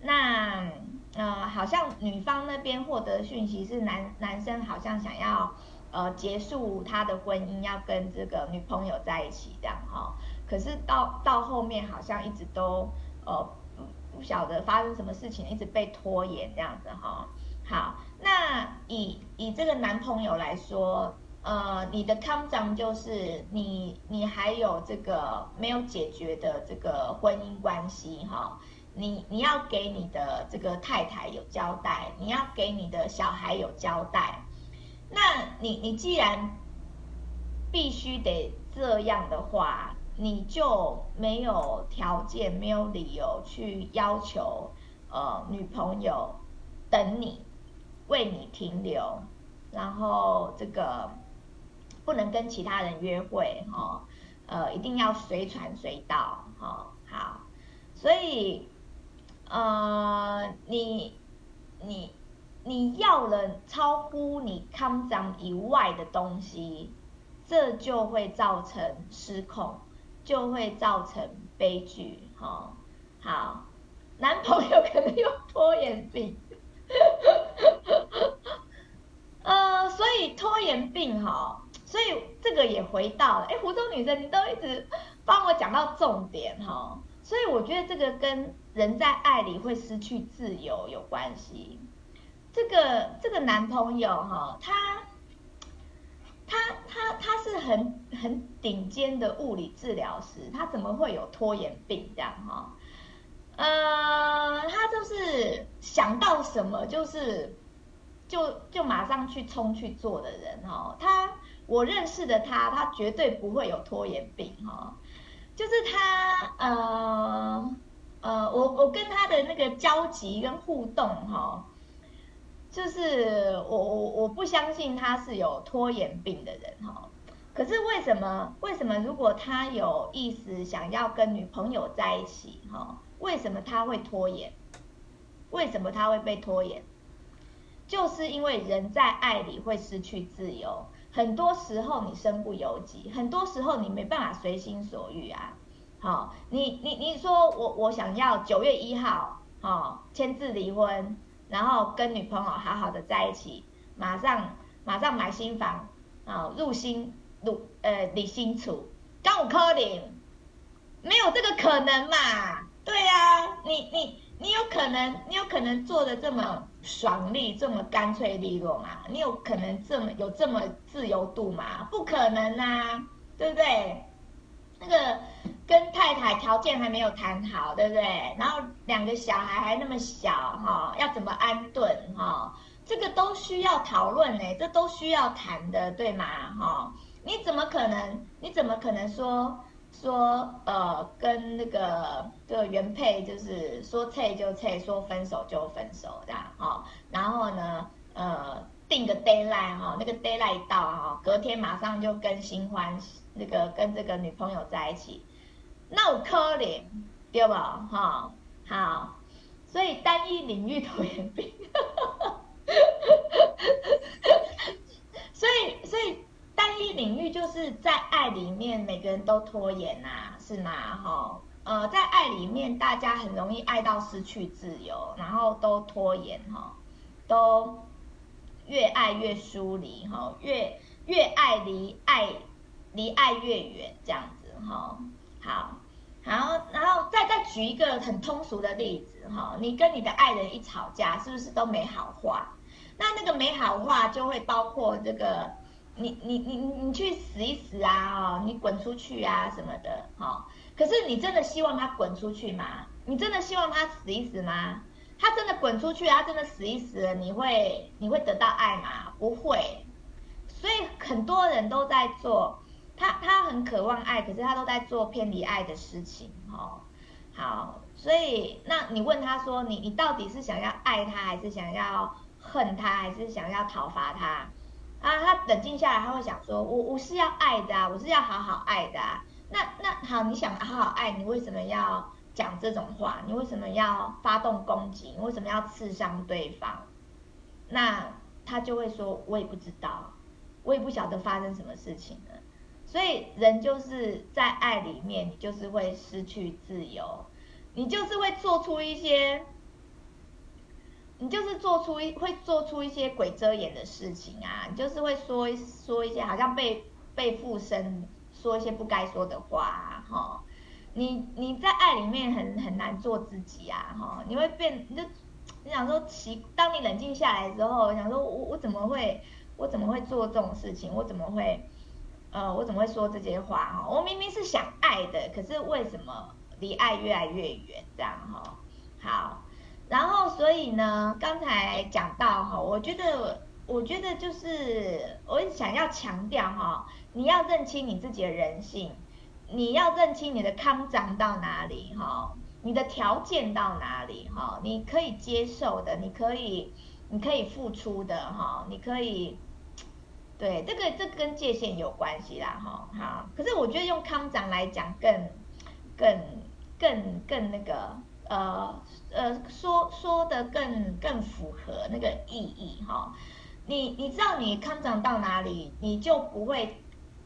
那呃好像女方那邊獲得訊息是男男生好像想要呃結束他的婚姻，要跟這個女朋友在一起這樣哈。哦可是到到後面好像一直都，呃，不曉得發生什麼事情，一直被拖延這樣子哈、哦。好，那以以這個男朋友來說，呃，你的 come down 就是你你還有這個沒有解決的這個婚姻關係哈、哦，你你要給你的這個太太有交代，你要給你的小孩有交代。那你你既然必須得這樣的話。你就沒有條件，沒有理由去要求，呃，女朋友等你，為你停留，然後這個不能跟其他人約會，哈、哦，呃，一定要隨傳隨到，哈、哦，好，所以，呃，你，你，你要了超乎你康掌以外的東西，這就會造成失控。就會造成悲劇，哈、哦，好，男朋友可能有拖延病。 *laughs* 呃，所以拖延病，哈、哦，所以這個也回到了，哎，湖州女生，你都一直幫我講到重點，哈、哦，所以我覺得這個跟人在愛裡會失去自由有關係，這個這個男朋友，哈、哦，他。他他他是很很頂尖的物理治療師，他怎麼會有拖延病這樣哈？呃，他就是想到什麼就是就就馬上去衝去做的人哦。他我認識的他，他絕對不會有拖延病哈。就是他呃呃，我我跟他的那個交集跟互動哈。就是我我我不相信他是有拖延病的人哈，可是為什麼為什麼，如果他有意思想要跟女朋友在一起哈，為什麼他會拖延？為什麼他會被拖延？就是因為人在愛裡會失去自由，很多時候你身不由己，很多時候你沒辦法隨心所欲啊。好，你你你說我我想要九月一號哈簽字離婚，然後跟女朋友好好的在一起，馬上馬上買新房啊，入、呃、新入呃你新厝，幹我 c a 沒有這個可能嘛？對呀、啊，你你你有可能，你有可能做的這麼爽利，這麼乾脆利落嘛？你有可能這麼有這麼自由度嘛？不可能吶、啊，對不對？那個跟太太條件還沒有談好，對不對？然後兩個小孩還那麼小哈、哦，要怎麼安頓哈、哦？這個都需要討論哎、欸，這都需要談的，對嗎？哈、哦，你怎麼可能？你怎麼可能說說呃，跟那個這個原配就是說拆就拆，說分手就分手這樣哈、哦、然後呢，呃，定個 deadline、哦哈，那個 deadline 一到哈，隔天馬上就跟新歡。這個跟這個女朋友在一起，那我可憐，對吧？哈、哦，好，所以單一領域拖延病， *laughs* 所以所以單一領域就是在愛裡面，每個人都拖延啊，是嗎？哈、哦，呃，在愛裡面，大家很容易愛到失去自由，然後都拖延哈、哦，都越愛越疏離哈、哦，越越愛離愛。離愛越遠，這樣子哈，好，然後，然後再再舉一個很通俗的例子哈，你跟你的愛人一吵架，是不是都沒好話？那那個沒好話就會包括這個，你你你你去死一死啊，你滾出去啊什麼的，可是你真的希望他滾出去嗎？你真的希望他死一死嗎？他真的滾出去，他真的死一死了，你會你會得到愛嗎？不會，所以很多人都在做。他他很渴望愛，可是他都在做偏離愛的事情，哦。好，所以那你問他說，你你到底是想要愛他，還是想要恨他，還是想要討伐他？啊，他冷靜下來，他會想說，我我是要愛的啊，我是要好好愛的啊。那那好，你想好好愛你，為什麼要講這種話？你為什麼要發動攻擊？你為什麼要刺傷對方？那他就會說，我也不知道，我也不曉得發生什麼事情了。所以，人就是在愛裡面，你就是會失去自由，你就是會做出一些，你就是做出一，會做出一些鬼遮眼的事情啊，你就是會說一說一些好像被被附身，說一些不該說的話，啊，哈，你你在愛裡面很很難做自己啊，哈，你會變，你就你想說其，當你冷靜下來之後，想說我我怎麼會，我怎麼會做這種事情，我怎麼會？呃，我怎麼會說這些話哈？我明明是想愛的，可是為什麼離愛越來越遠這樣哈？好，然後所以呢，剛才講到哈，我覺得，我覺得就是我想要強調哈，你要認清你自己的人性，你要認清你的康長到哪裡哈，你的條件到哪裡哈，你可以接受的，你可以，你可以付出的哈，你可以。對，這個這個、跟界限有關係啦，哈、哦，哈可是我覺得用康長來講更，更，更，更那個，呃，呃，說說的更更符合那個意義哈、哦。你你知道你康長到哪裡，你就不會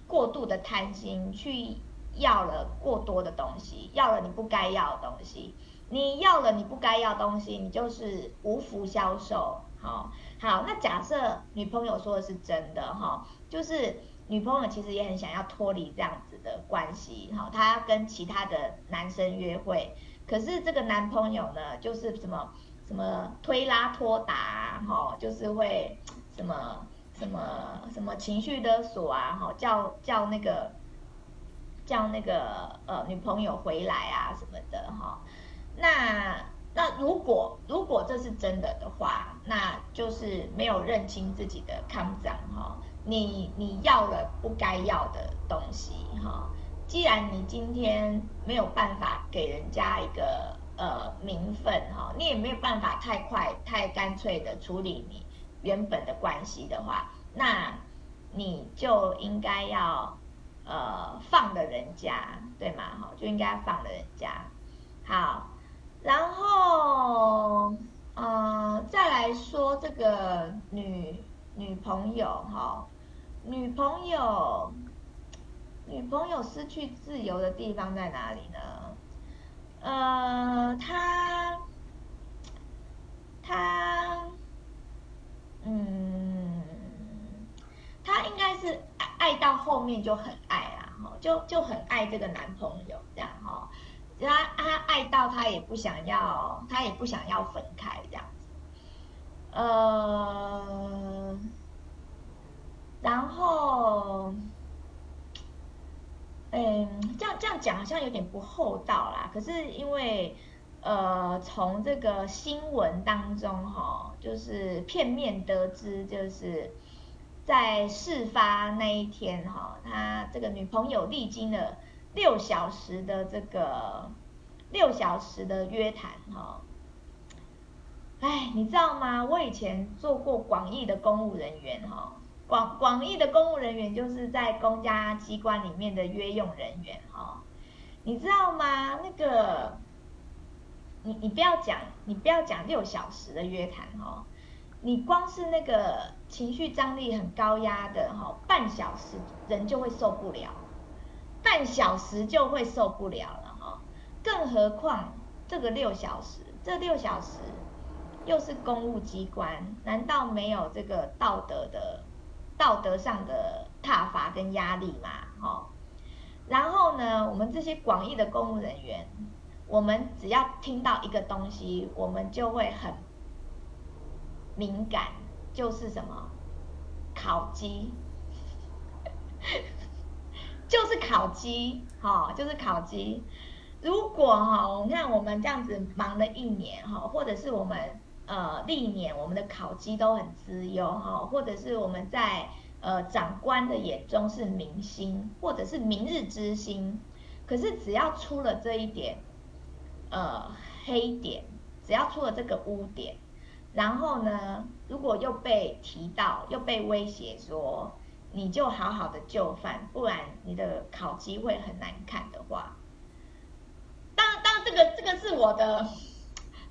過度的貪心，去要了過多的東西，要了你不該要的東西，你要了你不該要的東西，你就是無福消受，哈、哦。好，那假設女朋友說的是真的哈，就是女朋友其實也很想要脫離這樣子的關係哈，她要跟其他的男生約會，可是這個男朋友呢，就是什麼什麼推拉拖打哈，就是會什麼什麼什麼情緒勒索啊，哈，叫叫那個叫那個呃女朋友回來啊什麼的哈，那。那如果如果這是真的的話，那就是沒有認清自己的康長哈，你你要了不該要的東西哈。既然你今天沒有辦法給人家一個呃名分哈，你也沒有辦法太快太乾脆的處理你原本的關係的話，那你就應該要呃放了人家對嗎？哈，就應該放了人家，好。然後，嗯、呃，再來說這個女女朋友哈，女朋友，女朋友失去自由的地方在哪裡呢？呃，她、她、嗯，她應該是愛愛到後面就很愛啦，哈，就就很愛這個男朋友這樣哈。他他愛到他也不想要，他也不想要分開這樣子。呃，然後，嗯、欸，這樣這樣講好像有點不厚道啦。可是因為，呃，從這個新聞當中哈，就是片面得知，就是在事發那一天哈，他這個女朋友歷經了。六小時的這個，六小時的約談哦。哎，你知道嗎？我以前做過廣義的公務人員哈，廣廣義的公務人員就是在公家機關裡面的約用人員哦。你知道嗎？那個，你你不要講，你不要講六小時的約談哦。你光是那個情緒張力很高壓的哈，半小時人就會受不了。半小時就會受不了了哈、哦，更何況這個六小時，這六小時又是公務機關，難道沒有這個道德的道德上的撻伐跟壓力嗎？哈、哦，然後呢，我們這些廣義的公務人員，我們只要聽到一個東西，我們就會很敏感，就是什麼考績。 *laughs* 就是考績，哈、哦，就是考績如果，哈、哦，我們看我們這樣子忙了一年，哈，或者是我們呃歷年我們的考績都很資優，哈，或者是我們在呃長官的眼中是明星，或者是明日之星。可是只要出了這一點，呃，黑點，只要出了這個污點，然後呢，如果又被提到，又被威脅說。你就好好的就範，不然你的考績會很難看的話。當當這個這個是我的，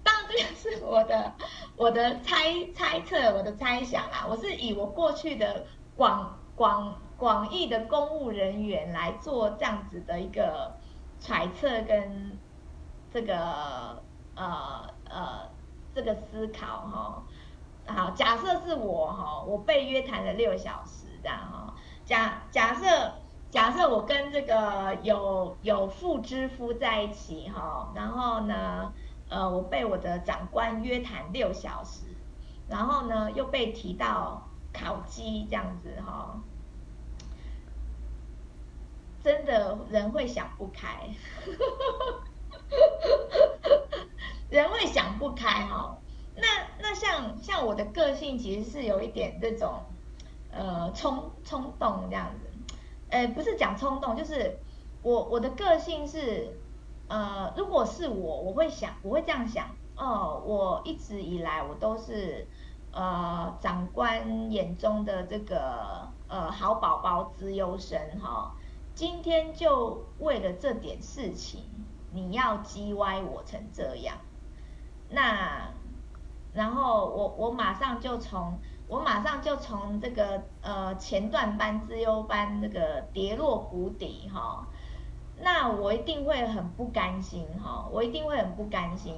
當這個是我的我的猜猜測，我的猜想啊。我是以我過去的廣廣廣義的公務人員來做這樣子的一個揣測跟這個呃呃呃這個思考哈、哦。好，假設是我哈、哦，我被約談了六小時。然後、哦，假假設，假設我跟這個有有婦之夫在一起哦，然後呢，呃，我被我的長官約談六小時，然後呢又被提到考績，這樣子哦，真的人會想不開， *laughs* 人會想不開哦，那那像像我的個性其實是有一點這種。呃，衝衝動這樣子，誒，不是講衝動，就是我我的個性是，呃，如果是我，我會想，我會這樣想哦，我一直以來我都是，呃，長官眼中的這個呃好寶寶資優生哈、哦，今天就為了這點事情，你要嘰歪我成這樣，那，然後我我馬上就從。我馬上就從這個呃前段班資優班，那個跌落谷底哈、哦，那我一定會很不甘心哈、哦，我一定會很不甘心，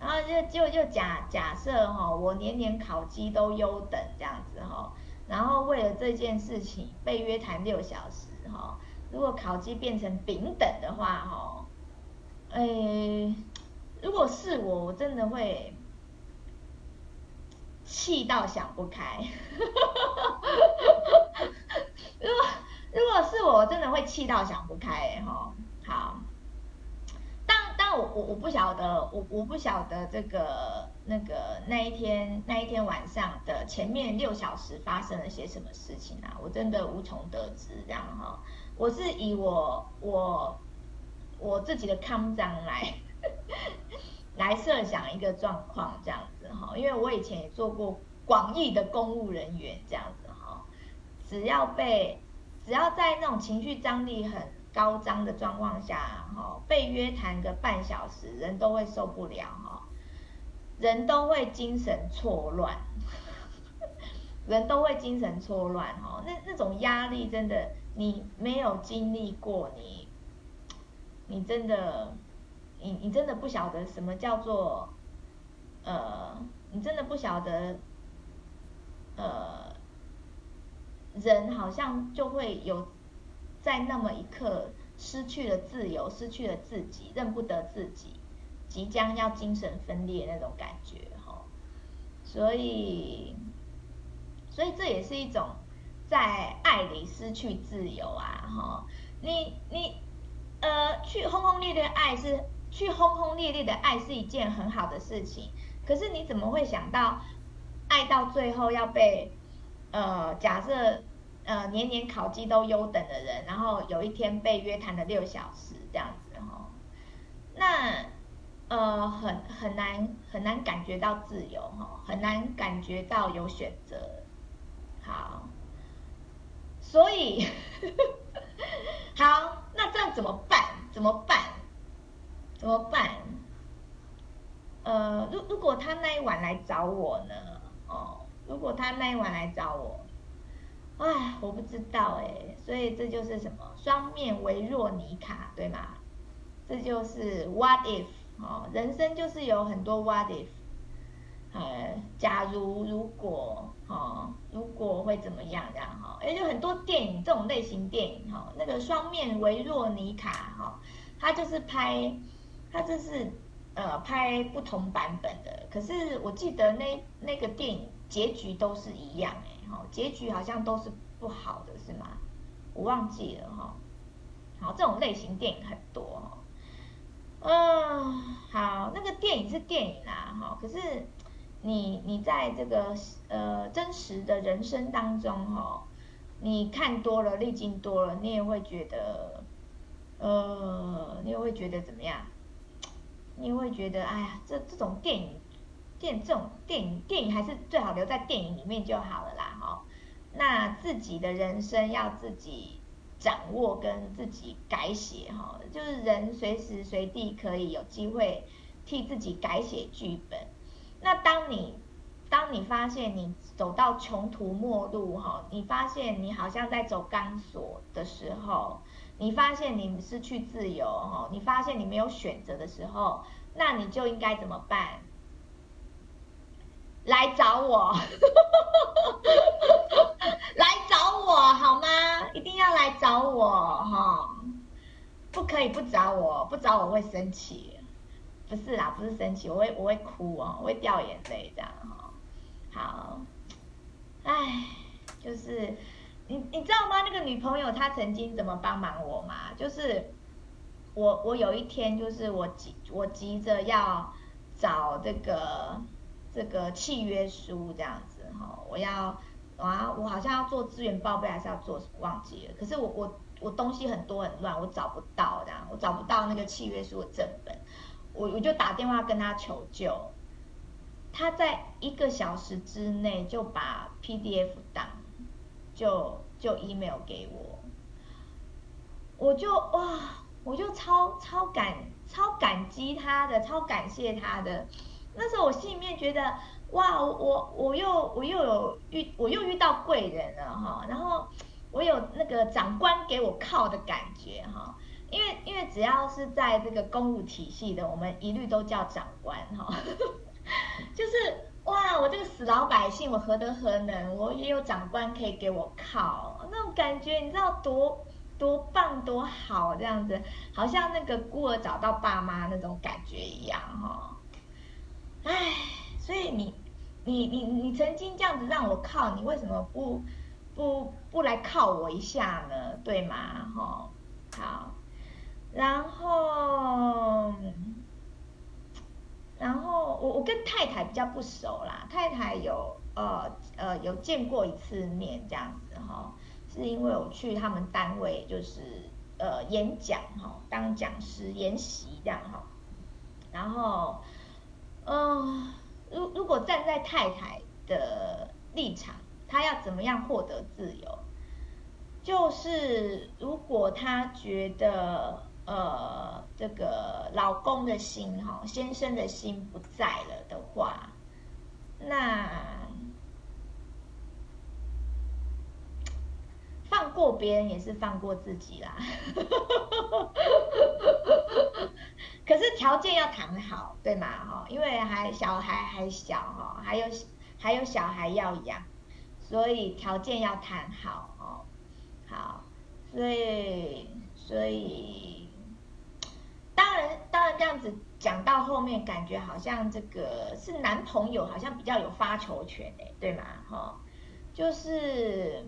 然後就就就假假設哈、哦，我年年考績都優等這樣子哈、哦，然後為了這件事情被約談六小時哈、哦，如果考績變成丙等的話哈，哎、哦，如果是我，我真的會氣到想不開， *laughs* 如果如果是我，我真的會氣到想不開哈、哦。好，但但我我我不曉得，我我不曉得這個那個那一天那一天晚上的前面六小時發生了些什麼事情啊。我真的無從得知這樣哈。我是以我我我自己的康章來。來設想一個狀況，這樣子哈，因為我以前也做過廣義的公務人員，這樣子哈，只要被，只要在那種情緒張力很高張的狀況下，哈，被約談個半小時，人都會受不了哈，人都會精神錯亂，人都會精神錯亂哈，那那種壓力真的，你沒有經歷過，你，你真的。你你真的不曉得什麼叫做，呃，你真的不曉得，呃，人好像就會有在那麼一刻失去了自由，失去了自己，認不得自己，即將要精神分裂那種感覺，哈。所以，所以這也是一種在愛裡失去自由啊，哈。你你呃，去轟轟烈烈愛是。去轟轟烈烈的愛是一件很好的事情，可是你怎麼會想到愛到最後要被呃假設呃年年考績，都優等的人，然後有一天被約談了六小時這樣子吼、哦，那呃很很難很難感覺到自由吼、哦，很難感覺到有選擇，好，所以 *laughs* 好，那這樣怎麼辦？怎麼辦？怎麼辦？呃，如如果他那一晚來找我呢？哦，如果他那一晚來找我，哎，我不知道哎、欸，所以這就是什麼雙面維若妮卡，對嗎？這就是 What if、哦、人生就是有很多 What if。呃，假如如果、哦、如果會怎麼樣這樣哈？哎、哦欸，就很多電影這種類型電影哈、哦，那個雙面維若妮卡哈，他、哦、就是拍。他這是呃拍不同版本的，可是我記得那那個電影結局都是一樣哎、欸，結局好像都是不好的，是嗎？我忘記了哈、哦。好，這種類型電影很多哈。嗯、哦呃，好，那個電影是電影啦。哈、哦，可是你你在這個呃真實的人生當中哈、哦，你看多了，歷經多了，你也會覺得，呃，你也會覺得怎麼樣？你會覺得，哎呀，這這種電影，電影這種電影，電影還是最好留在電影裡面就好了啦。哈，那自己的人生要自己掌握跟自己改寫哈，就是人隨時隨地可以有機會替自己改寫劇本。那當你，當你發現你走到窮途末路哈，你發現你好像在走鋼索的時候，你發現你失去自由，你發現你沒有選擇的時候，那你就應該怎麼辦？來找我， *laughs* 來找我好嗎？一定要來找我，不可以不找我不，不找我會生氣。不是啦，不是生氣，我會我會哭哦，我會掉眼淚這樣。好，唉，就是。你你知道嗎？那個女朋友她曾經怎麼幫忙我嗎？就是我，我我有一天就是我急我急着要找這個這個契約書這樣子哈，我要啊我好像要做資源報備還是要做，忘記了。可是我我我東西很多很亂，我找不到的，我找不到那個契約書的正本，我我就打電話跟他求救，他在一個小時之內就把 PDF 檔。就就 email 給我，我就哇，我就超超感超感激他的，超感謝他的。那時候我心裡面覺得，哇，我我，我又我又我又有遇，我又遇到貴人了哈。然後我有那個長官給我靠的感覺哈，因為因為只要是在這個公務體系的，我們一律都叫長官哈，就是。哇！我這個死老百姓，我何德何能？我也有長官可以給我靠，那種感覺你知道多多棒多好這樣子，好像那個孤兒找到爸媽那種感覺一樣哈、哦。唉，所以你你你你曾經這樣子讓我靠，你為什麼不不不來靠我一下呢？對嗎？哈、哦，好，然後。然後我我跟太太比較不熟啦，太太有呃呃有見過一次面這樣子哈，是因為我去他們單位就是呃演講哈，當講師、演習這樣哈。然後，嗯、呃，如如果站在太太的立場，她要怎麼樣獲得自由？就是如果她覺得。呃，這個老公的心哈、哦，先生的心不在了的話，那放過別人也是放過自己啦。 *laughs* 可是條件要談好，對嗎？哈，因為還小孩還小哈，還有還有小孩要養，所以條件要談好哦。好，所以所以。當然，當然這樣子講到後面，感覺好像這個是男朋友，好像比較有發球權誒、欸，對嗎？哈、哦，就是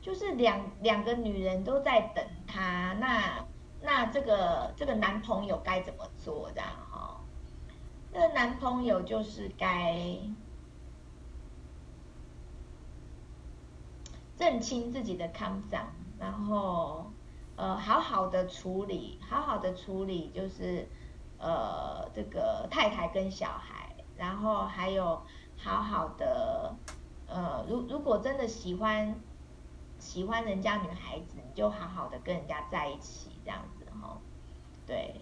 就是兩兩個女人都在等他，那那這個這個男朋友該怎麼做這、哦？這樣哈，那男朋友就是該認清自己的 c o m e 然後。呃，好好的處理，好好的處理，就是，呃，這個太太跟小孩，然後還有好好的，呃，如如果真的喜歡，喜歡人家女孩子，你就好好的跟人家在一起這樣子哈、哦，對，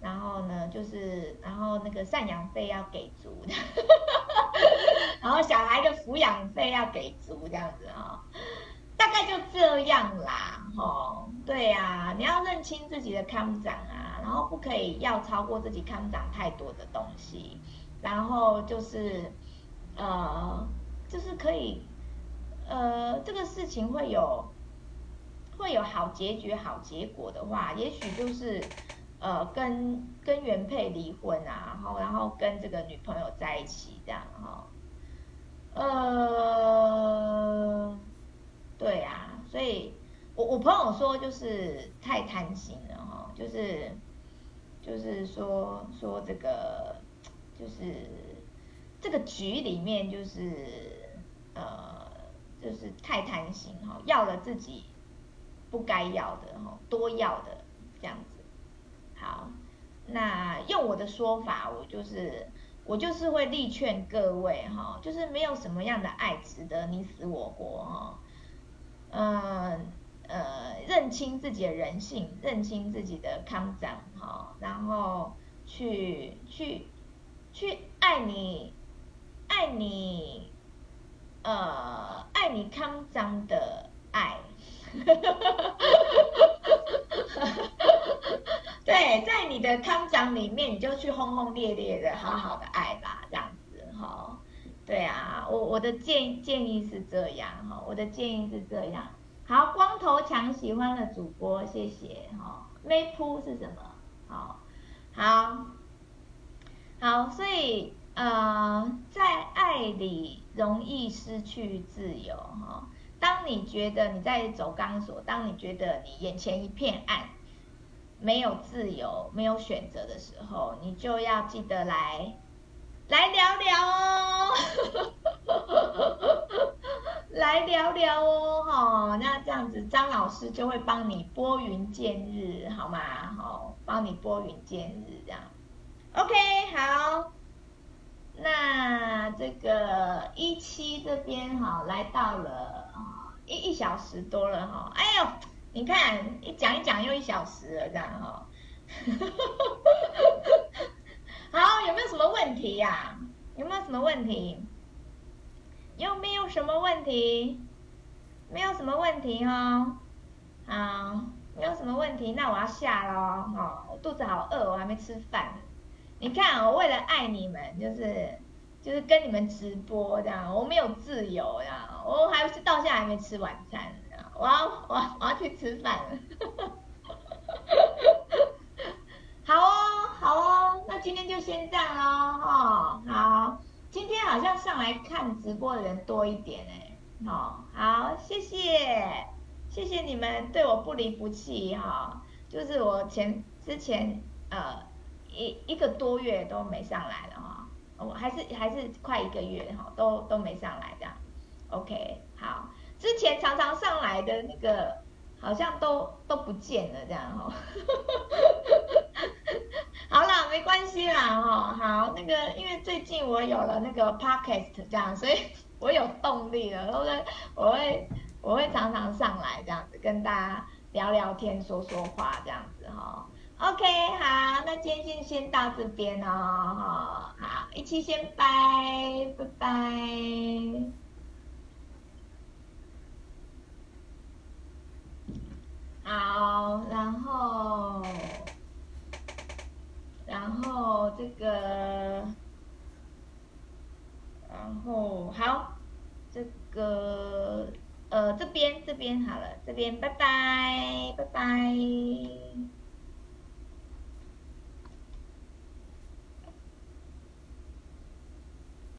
然後呢，就是，然後那個贍養費要給足的， *laughs* 然後小孩的撫養費要給足這樣子啊、哦。大概就這樣啦，哦，對呀、啊，你要認清自己的康長啊，然後不可以要超過自己康長太多的東西，然後就是，呃，就是可以，呃，這個事情會有，會有好結局、好結果的話，也許就是，呃，跟跟原配離婚啊，然後然後跟這個女朋友在一起這樣，哈、哦。朋友說就是太貪心了哈，就是就是說說這個就是這個局裡面就是，呃，就是太貪心哈，要了自己不該要的哈，多要的這樣子。好，那用我的說法，我就是我就是會力勸各位哈，就是沒有什麼樣的愛值得你死我活哈，嗯、呃。呃，認清自己的人性，認清自己的康張哈，然後去去去愛你，愛你，呃，愛你康張的愛，哈哈哈哈哈哈哈哈哈哈。對，在你的康張裡面，你就去轟轟烈烈的，好好的愛吧，這樣子哈。對啊，我我的建議建議是這樣哈，我的建議是這樣。好，光頭強喜歡的主播，謝謝哈。Mapoo、哦、是什麼？好、哦，好，好，所以呃，在愛裡容易失去自由哈、哦。當你覺得你在走鋼索，當你覺得你眼前一片暗，沒有自由，沒有選擇的時候，你就要記得來。來聊聊哦， *laughs* 來聊聊哦，哦，那這樣子張老師就會幫你撥雲見日，好嗎？好，幫你撥雲見日，這樣，OK，好。那這個一期這邊好，來到了一一小時多了哈，哎呦，你看一講一講又一小時了，這樣哈。 *laughs* 好，有沒有什麼問題呀？啊？有沒有什麼問題？有沒有什麼問題？沒有什麼問題哦。好，沒有什麼問題，那我要下咯。好，哦，我肚子好餓，我還沒吃飯。你看，哦，我為了愛你們，就是就是跟你們直播這樣，我沒有自由，呀，我還不是到現在還沒吃晚餐，我要我要我要去吃飯了。 *laughs* 今天就先這樣咯，哈、哦，好，今天好像上來看直播的人多一點哎、欸，哦，好，謝謝，謝謝你們對我不離不棄哈、哦，就是我前之前呃一一，一個多月都沒上來了哈，我、哦、還是還是快一個月哈、哦，都都沒上來的，OK，好，之前常常上來的那個。好像都都不見了這樣哈、哦， *laughs* 好啦，沒關係啦哈、哦，好，那個因為最近我有了那個 podcast 這樣，所以我有動力了，然後呢，我會我會常常上來這樣子跟大家聊聊天、說說話這樣子哈、哦。OK，好，那今天先到這邊哦，好，一起先拜拜拜。好，然後，然後這個，然後好，這個，呃，這邊這邊好了，這邊拜拜，拜拜。